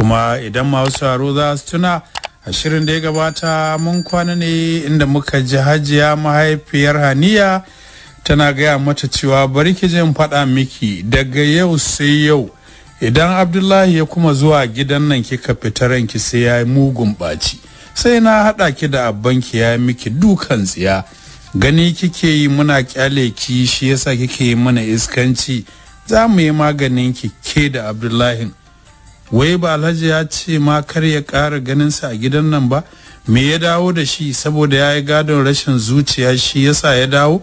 kuma idan masu haro za su tuna ashirin da ya gabata mun kwana ne inda muka ji hajiya mahaifiyar haniya tana gaya mata cewa bari ki jin faɗa miki daga yau sai yau idan abdullahi ya kuma zuwa gidan nan kika fita ranki sai ya yi mugun ɓaci sai na haɗa ki da abbanki ya yi miki dukan tsiya gani kike yi muna kyale ki shi yasa kike yi mana iskanci za mu yi maganin ki ke da abdullahin wai ba alhaji ya ce ma kar ya ƙara ganinsa a gidan nan ba me ya dawo da shi saboda ya yi gadon rashin zuciya shi yasa ya dawo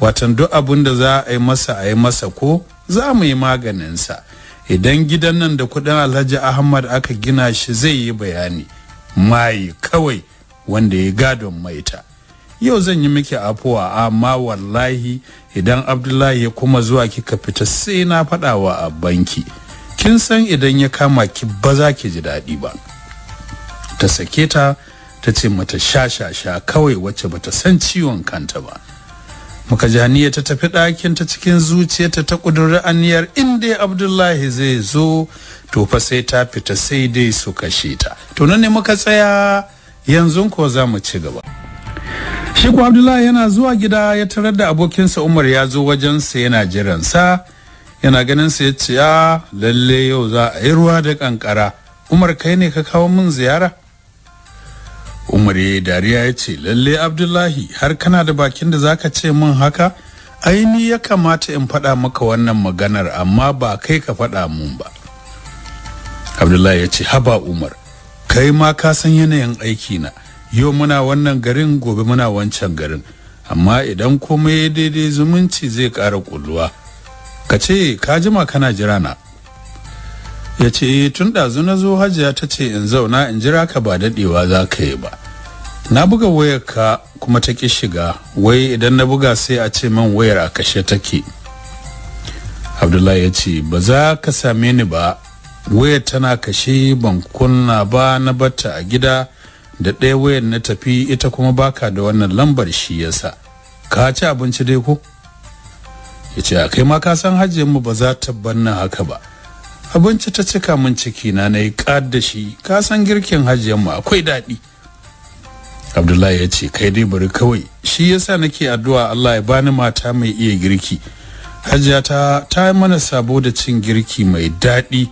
watan duk abin da za a yi masa a yi masa ko za mu yi maganinsa idan gidan nan da kudin alhaji ahmad aka gina shi zai yi bayani mayi kawai wanda ya gadon maita yau zan yi miki afuwa amma wallahi idan abdullahi ya kuma zuwa kika fita sai na faɗawa a banki. kin san idan ya kama ki ba za ki ji daɗi ba ta sake ta ta ce mata sha sha kawai wacce bata san ciwon kanta ba makajaniya ta tafi ɗakin ta cikin zuciyarta ta ƙudurin aniyar inda abdullahi zai zo to fa sai ta fita sai dai su kashe ta to nan ne muka tsaya yanzu ko za mu ci gaba shi abdullahi yana zuwa gida ya tarar da abokinsa umar ya zo wajensa yana jiransa yana ganin sa ya ce ya lalle yau za a yi ruwa da kankara umar kai ne ka kawo min ziyara umar ya dariya ya ce lalle abdullahi har kana da bakin da zaka ce min haka aini ya kamata in faɗa maka wannan maganar amma ba kai ka faɗa mun ba abdullahi ya ce haba umar kai ma ka san yanayin aiki na yau muna wannan garin gobe muna wancan garin amma idan komai daidai zumunci zai ƙara ƙulluwa ka ce ka jima kana jira na ya ce eh, tun ɗazu na zo hajiya ta ce in zauna in jira ka ba daɗewa za ka yi ba na buga wayar ka kuma ta ki shiga wai idan na buga sai a ce man wayar a kashe take abdullahi ya ce ba za ka same ni ba wayar tana kashe ban kunna ba na batta a gida da ɗaya wayar na tafi ita kuma baka da wannan lambar shi yasa ka ci abinci dai ko ya ce a kai ma ka san mu ba za ta banna haka ba abinci ta cika min ciki na na yi ƙad da shi ka san girkin mu akwai daɗi abdullahi ya ce kai dai bari kawai shi yasa nake addu'a allah ya bani mata mai iya girki hajiyata ta ta yi mana sabo da cin girki mai daɗi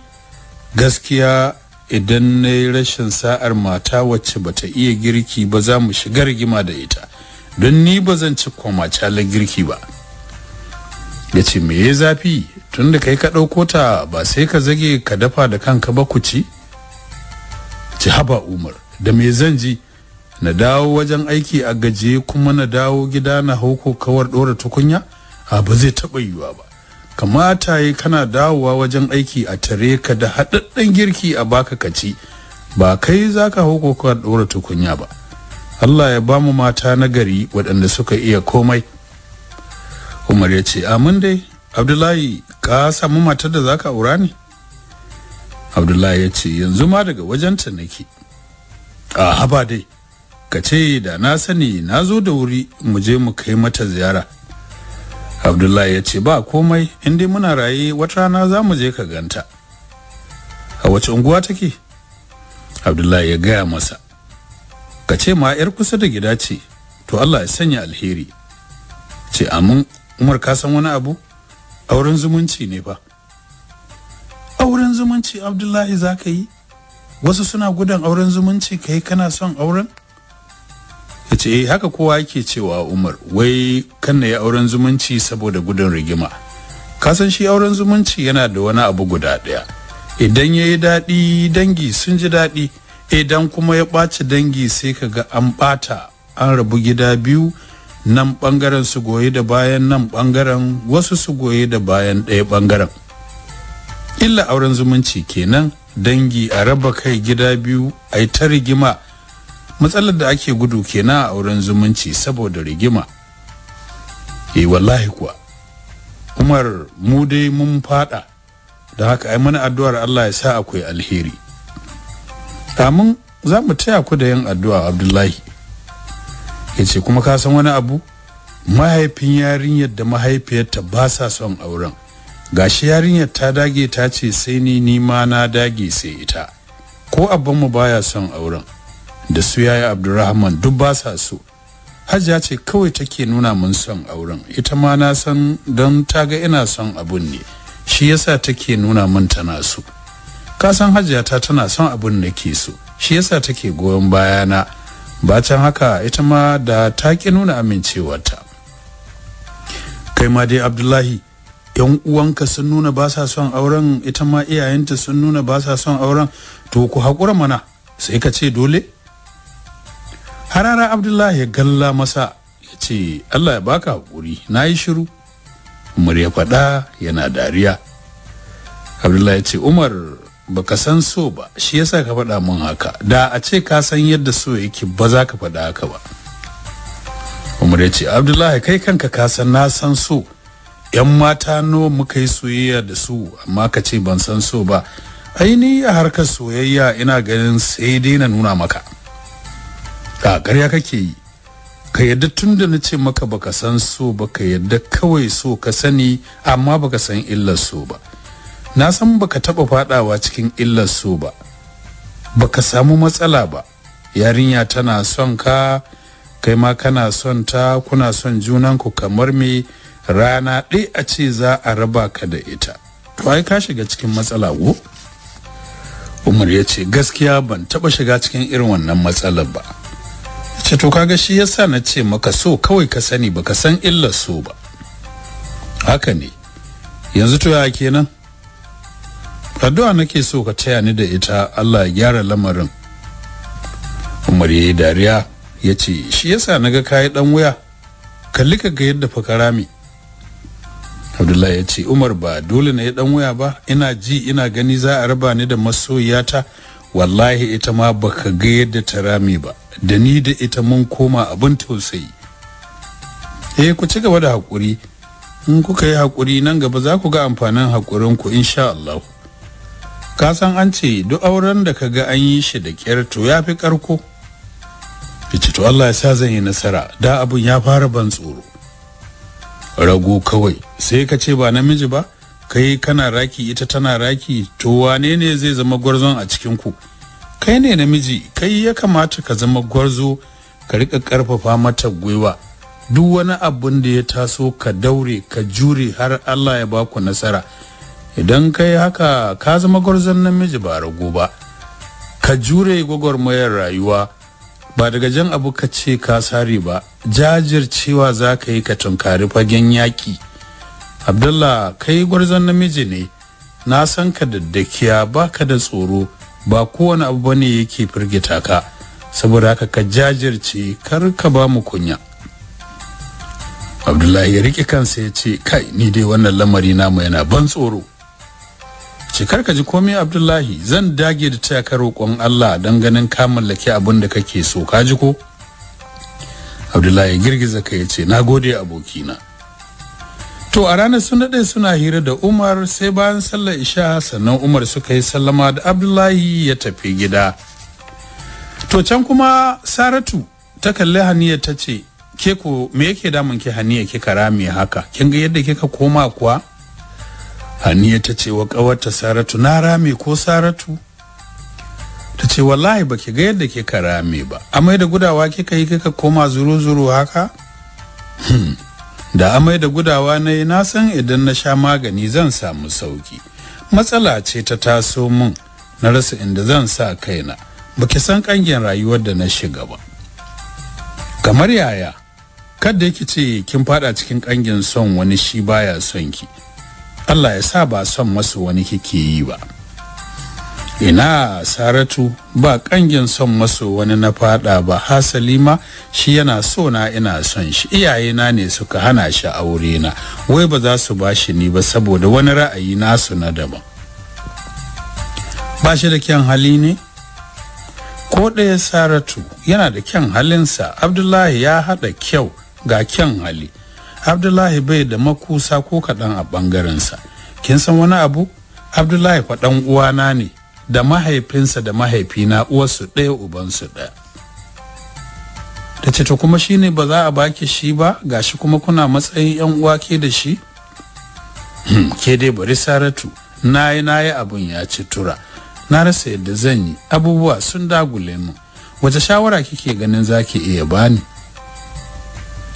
gaskiya idan na yi rashin sa'ar mata wacce ta iya girki ba za mu shiga rigima da ita don ni ba zan ci kwamacalar girki ba ya ce me ya zafi tun da kai ka ɗauko ta ba sai ka zage ka dafa da kanka ba ku ci ci haba umar da me zan ji na dawo wajen aiki a gaje kuma na dawo gida na hauko kawar ɗora tukunya a ba zai taɓa yiwuwa ba kamata yi kana dawowa wajen aiki a tare ka da haɗaɗɗen girki a baka ka ci ba kai za ka hauko kawar ɗora tukunya ba Allah ya bamu mata na gari waɗanda suka iya komai umar ya ce amin dai abdullahi ka samu matar da zaka aura ne abdullahi ya ce yanzu ma daga wajen wajenta nake a haba dai ka ce da na sani na zo da wuri mu je mu kai mata ziyara abdullahi ya ce ba komai inda muna raye wata rana za mu je ka ganta a wace unguwa take abdullahi ya gaya masa ka ce ma 'yar kusa da gida ce to allah ya sanya alheri ce amin umar ka san wani abu auren zumunci ne ba auren zumunci abdullahi za ka yi wasu suna gudan auren zumunci kai kana son auren ya ce eh, haka kowa yake cewa umar wai kan na yi auren zumunci saboda gudun rigima kasan shi auren zumunci yana da wani abu guda ɗaya idan ya yi daɗi dangi sun ji daɗi idan kuma ya ɓaci dangi sai ka ga an ɓata an rabu gida biyu nan bangaren su goyi da bayan nan bangaren wasu su goyi da bayan ɗaya bangaren illa auren zumunci kenan dangi a raba kai gida biyu a yi ta rigima matsalar da ake gudu kenan a auren zumunci saboda rigima E, wallahi kuwa umar mu dai mun fada da haka ai mana addu'ar Allah ya sa akwai alheri amin za mu taya ku da yin addu'a abdullahi ya ce kuma ka san wani abu mahaifin yarinyar da mahaifiyarta ba sa son auren gashi yarinyar ta dage ta ce sai ni ni ma na dage sai ita ko abbanmu baya son auren da su yayi abdurrahman duk ba sa so hajja ce kawai take nuna mun son auren ita ma na san don ta ga ina son abun ne shi yasa take nuna mun tana so ka san hajjata tana son abun da ke so shi yasa take goyon bayana can haka ita ma da ta ki nuna amincewarta kai ma dai abdullahi yan uwanka sun nuna ba sa son auren ita ma iyayenta sun nuna ba sa son auren to ku haƙura mana sai ka ce dole harara abdullahi ya galla masa ya ce allah ya baka haƙuri na yi shiru umar ya faɗa yana dariya abdullahi ya ce umar baka san so ba shi yasa ka faɗa mun haka da a ce ka san yadda so yake ba za ka faɗa haka ba umar ya ce abdullahi kai kanka ka san na san so yan mata no muka yi soyayya da su amma ka ce ban san so ba aini a harkar soyayya ina ganin sai dai na nuna maka a ƙarya kake yi ka yadda tun da na ce maka baka san so ba ka yadda kawai so ka sani amma baka san illar so ba na san baka taba fadawa cikin illar so ba baka samu matsala ba yarinya tana son ka kai ma kana son ta kuna son junan ku kamar me rana ɗaya a ce za a raba ka da ita to ai ka shiga cikin matsala ko umar ya ce gaskiya ban taba shiga cikin irin wannan matsalar ba ce to kaga shi yasa na ce maka so kawai ka sani baka san illar so ba haka ne yanzu to ya kenan addu'a nake so ka taya ni da ita Allah ya gyara lamarin Umar ya yi dariya ya ce shi yasa naga kayi dan wuya kalli ka ga yadda fakara mi Abdullahi ya ce Umar ba dole na yi dan wuya ba ina ji ina gani za a raba ni da masoyiyata wallahi ita ma baka ga yadda ta rami ba da ni da ita mun koma abin tausayi eh ku ci gaba da hakuri in kuka yi hakuri nan gaba za ku ga amfanin hakurinku insha Allah ka san an ce duk auren da ka ga an yi shi da kyar to ya fi karko fice to Allah ya sa zan yi nasara da abun ya fara ban tsoro rago kawai sai ka ce ba namiji ba kai kana raki ita tana raki to wane ne zai zama gwarzon a cikin ku kai ne namiji kai ya kamata ka zama gwarzo ka rika karfafa mata gwiwa duk wani abun da ya taso ka daure ka jure har Allah ya baku nasara idan kai haka ka zama gwarzon namiji ba rago ba ka jure gwagwarmayar rayuwa ba daga jan abu ka ce ka sare ba jajircewa za ka yi ka tunkari fagen yaƙi abdullah kai gwarzon namiji ne na san ka dakiya ba ka da tsoro ba kowane abu bane yake firgita ka saboda haka ka jajirce kar ka ba mu kunya abdullahi ya rike kansa ya ce kai ni dai wannan lamari namu yana ban tsoro Cikar ka ji komai abdullahi zan dage da taya ka roƙon allah don ganin ka mallaki abin da kake so ka ji ko abdullahi girgiza ka ya ce na gode abokina to a ranar sun daɗe suna hira da umar sai bayan sallar isha sannan umar suka yi sallama da abdullahi ya tafi gida to can kuma saratu ta kalli haniya ta ce ke ko me yake damun ki haniya kika rame haka kin ga yadda kika koma kuwa haniya ta ce wa ƙawarta saratu na rame ko saratu ta ce wallahi baki ga yadda kika rame ba amai da gudawa kika yi kika koma zuru zuru haka hmm. da amai da gudawa na yi na san idan na sha magani zan samu sauki matsala ce ta taso mun na rasa inda zan sa kaina baki san kangen rayuwar da na shiga ba kamar yaya kadda yake ce kin fada cikin kangen son wani shi baya son ki Allah ya sa ba son masu wani kike yi ba ina saratu ba kangin son masu wani na fada ba hasali ma shi yana so na ina son shi iyayena ne suka hana shi aure na wai ba za su bashi ni ba saboda wani ra'ayi nasu na daban ba shi da kyan hali ne ko ɗaya saratu yana da kyan halinsa abdullahi ya haɗa kyau ga kyan hali abdullahi bai da makusa ko kaɗan a ɓangarensa kin san wani abu abdullahi faɗan uwana ne da mahaifinsa da mahaifina uwarsu ɗaya ubansu ɗaya da ce to kuma shine ba za a baki shi ba gashi kuma kuna matsayin yan uwa ke da shi hmm, ke dai bari saratu nayi nayi abun ya ci tura na rasa yadda zan yi abubuwa sun dagule mu wace shawara kike ganin zaki iya bani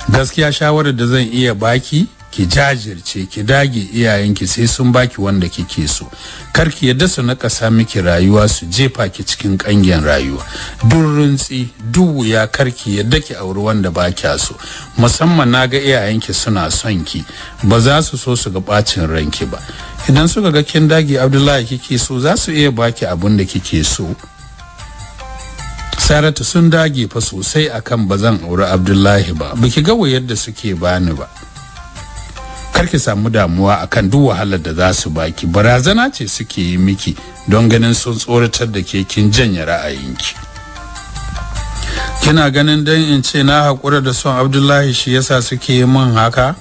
gaskiya shawarar da zan iya baki ki jajirce ki dage iyayenki sai sun baki wanda kike so kar ki yadda su kasa miki rayuwa su jefa ki cikin kangen rayuwa duk runtsi duk wuya kar ki yadda ki auri wanda ba kya so musamman na ga iyayenki suna son ki ba za su so su ga bacin ranki ba idan suka ga kin dage Abdullahi kike so za su iya baki abin da kike so saratu sun dage fa sosai akan ba zan auri abdullahi ba baki ga wa yadda suke bani ba karki samu damuwa akan duk wahalar da za su baki barazana ce suke yi miki don ganin sun tsoratar da ke kin janye ra'ayinki kina ganin dan in ce na haƙura da son abdullahi shi yasa suke yi min haka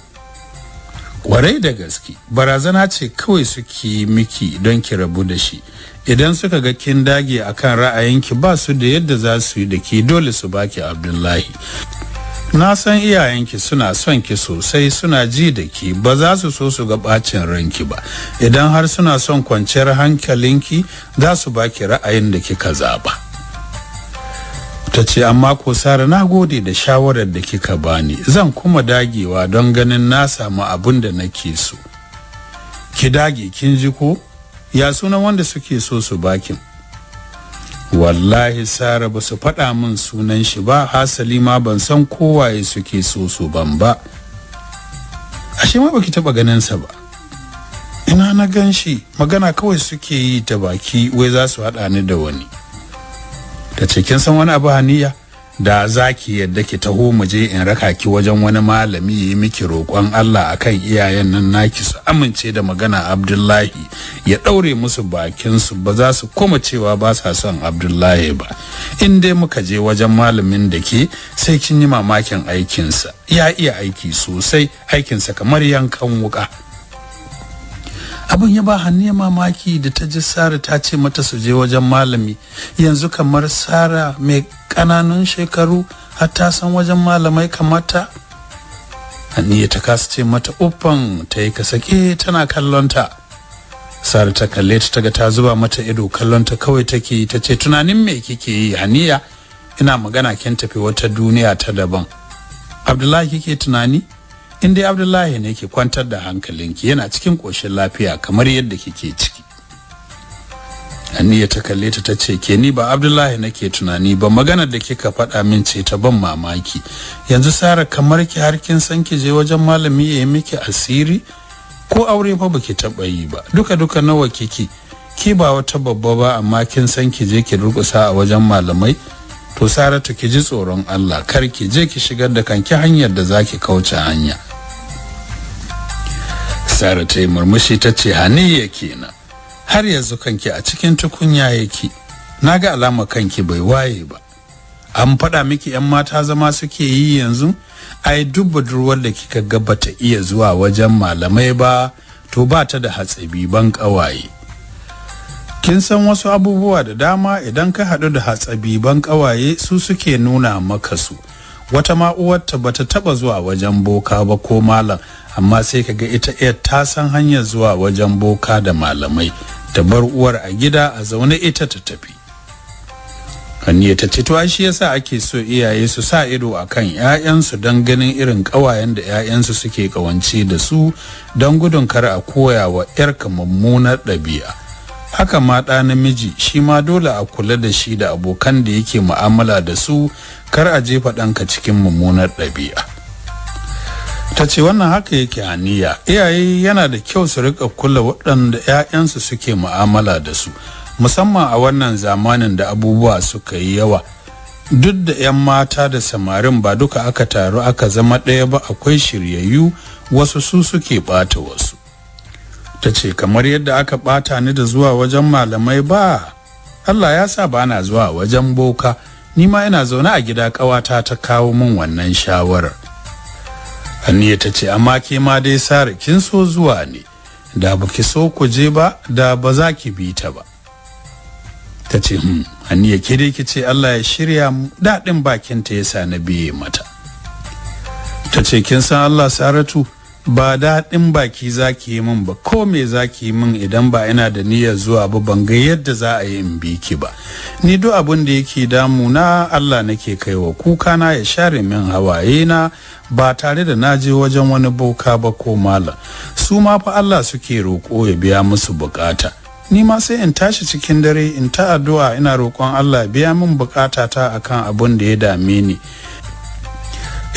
kwarai da gaske barazana ce kawai suke yi miki don ki rabu da shi idan suka ga kin dage akan ra'ayinki ba su da yadda za su yi da ke dole su baki abdullahi na san iyayenki suna son ki sosai suna ji da ke ba za su so su ga bacin ranki ba idan har suna son kwanciyar hankalinki za su baki ra'ayin da kika zaba ta ce amma ko sara na gode da shawarar da kika bani zan kuma dagewa don ganin na samu abin da nake so ki dage kin ji ko ya sunan wanda suke so su bakin wallahi sara ba su faɗa min sunan shi ba hasali ma ban san kowaye suke so su ban ba ashe ma baki taɓa ganinsa ba ina na gan shi magana kawai suke yi ta baki wai za su haɗa ni da wani ta cikin san wani abu haniya da zaki yadda ki taho mu je in raka ki wajen wani malami yi miki roƙon Allah akan iyayen nan naki su amince da magana Abdullahi ya ɗaure musu bakin su ba za su kuma cewa ba sa son Abdullahi ba in dai muka je wajen malamin da ke sai kin yi mamakin aikinsa ya iya aiki sosai aikinsa kamar yankan wuka abin ya ba hanniya mamaki da ta ji sara ta ce mata su je wajen malami yanzu kamar sara mai kananan shekaru har ta san wajen malamai kamata ya ta kasa ce mata uffan ta yi kasake tana kallonta sara ta kalle ta taga ta zuba mata ido kallonta kawai take ta ce tunanin me kike yi haniya ina magana kin tafi wata duniya ta daban abdullahi kike tunani in dai abdullahi ne ke kwantar da hankalinki yana cikin koshin lafiya kamar yadda kike ciki aniya ta kalle ta tace ke ni ba abdullahi nake tunani ba maganar da kika faɗa min ce ta ban mamaki yanzu sara kamar ki har kin san ki je wajen malami ya yi miki asiri ko aure fa baki taɓa yi ba duka duka nawa kiki ki ba wata babba ba amma kin san ki je ki rukusa a wajen malamai to saratu ki ji tsoron Allah kar ki je ki shigar da kanki hanyar da zaki kauce hanya Sara ta yi murmushi ta ce haniya kenan har yanzu kanki a cikin tukunya yake na ga alama kanki bai waye ba an faɗa miki 'yan mata zama suke yi yanzu ai duk budurwar da kika ga bata iya zuwa wajen malamai ba to ba ta da hatsabi ban ƙawaye kin san wasu abubuwa da dama idan ka haɗu da hatsabi ban ƙawaye su suke nuna maka su wata ma uwarta bata taɓa zuwa wajen boka ba ko malam amma sai ka ga ita iya ta san hanyar zuwa wajen boka da malamai ta bar uwar a gida a zaune ita ta tafi haniya ta ce tuwa shi yasa ake so iyaye su sa ido a kan 'ya'yansu don ganin irin ƙawayen da 'ya'yansu suke ƙawance da su don gudun kar a koya wa 'yarka mummunar ɗabi'a haka ma ɗa namiji shi ma dole a kula da shi da abokan da yake mu'amala da su kar a jefa ɗanka cikin mummunar ɗabi'a ta ce wannan haka yake a niyya iyaye yana da kyau su rika kula waɗanda 'ya'yansu suke mu'amala da su musamman a wannan zamanin da abubuwa suka yi yawa duk da 'yan mata da samarin ba duka aka taru aka zama ɗaya ba akwai shiryayyu wasu su suke bata wasu ta ce kamar yadda aka ɓata ni da zuwa wajen malamai ba allah ya sa ba na zuwa wajen boka ni ma ina zaune a gida ƙawata ta kawo min wannan shawarar hanniya ta ce amma ke ma dai sare kin so zuwa ne da ba ki so ku je ba da ba za ki bi ta ba. Ta ce hmm Haniya ke dai ki ce Allah ya shirya daɗin bakinta ya sa na biye mata. Ta ce kin san Allah Saratu ba daɗin baki za ki yi min ba ko me za ki yi min idan ba ina da niyyar zuwa ba ban ga yadda za a yi in bi ki ba ni duk abin da yake damu na Allah nake kaiwa kuka na ya share min hawaye na ba tare da na je wajen wani boka ba ko malam su ma fa Allah suke roƙo ya biya musu bukata ni ma sai in tashi cikin dare in ta addu'a ina roƙon Allah biya min bukata ta akan abin da ya dame ni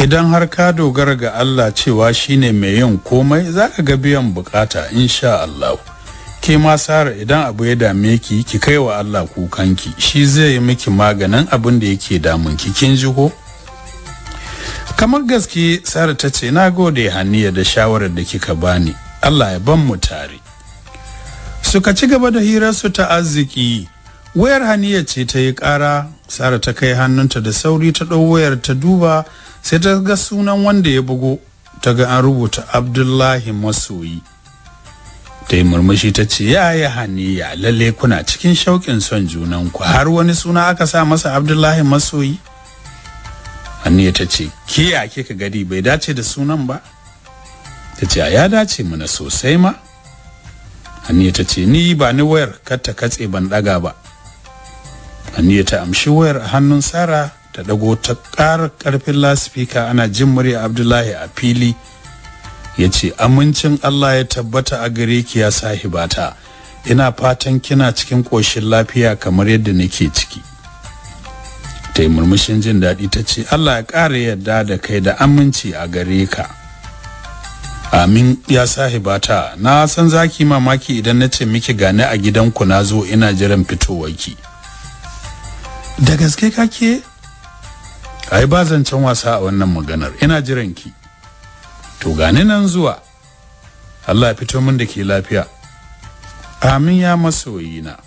idan har ka dogara ga Allah cewa shine mai yin komai za ka ga biyan bukata insha Allah ke ma sara idan abu ya dame ki ki kai wa Allah kukanki shi zai yi miki maganin abin da yake damun ki kin ji ko kamar gaske sara ta ce na gode haniya da shawarar da kika bani Allah ya ban mu tare suka ci gaba da hirar su ta arziki wayar haniya ce ta yi kara sara ta kai hannunta da sauri ta ɗauwayar wayar ta duba sai ta ga sunan wanda ya bugo ta ga an rubuta abdullahi masoyi ta yi murmushi ta ce ya yi haniya lalle kuna cikin shauƙin son junan ku har wani suna aka sa masa abdullahi masoyi haniya ta ce ke ya ke gadi bai dace da sunan ba ta ce ya dace mana sosai ma haniya ta ce ni ba ni wayar kar ta katse ban daga ba haniya ta amshi wayar hannun sara ta dago ta ƙara ƙarfin lasifika ana jin murya abdullahi a fili ya ce amincin allah ya tabbata a gare ki ya sahibata ina fatan kina cikin ƙoshin lafiya kamar yadda nake ciki ta murmushin jin daɗi ta ce allah ya ƙara yadda da kai da aminci a gare ka amin ya sahibata na san zaki mamaki idan na ce miki gane a gidanku na zo ina jiran fitowarki da gaske kake ai ba zancen wasa a wannan maganar ina jiran ki to gani nan zuwa Allah fito min da ke lafiya amin ya masoyina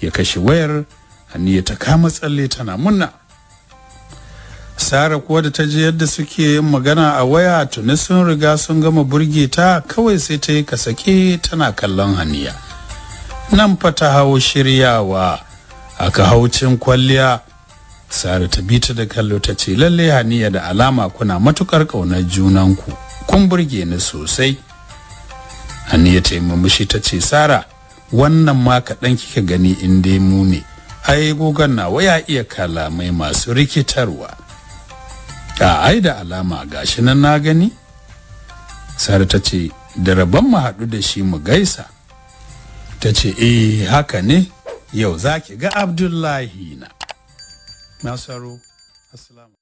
ya kashe wayar haniya ta kama tsalle tana munna Sara kuwa da ta ji yadda suke yin magana a waya tuni sun riga sun gama burge ta kawai sai ta yi kasake tana kallon haniya nan fa ta hawo shiryawa aka haucin kwalliya Sara ta bi ta da kallo ta ce lalle Haniya da alama kuna matukar ƙaunar junanku kun burge ni sosai Haniya ta yi murmushi ta ce Sara wannan ma kaɗan kika gani in dai mu ne ai gogon na waya iya kalamai masu rikitarwa a ai da alama gashi nan na gani Sara ta ce da rabon mu haɗu da shi mu gaisa ta ce eh haka ne yau za ki ga Abdullahi na Nasaru. Assalamu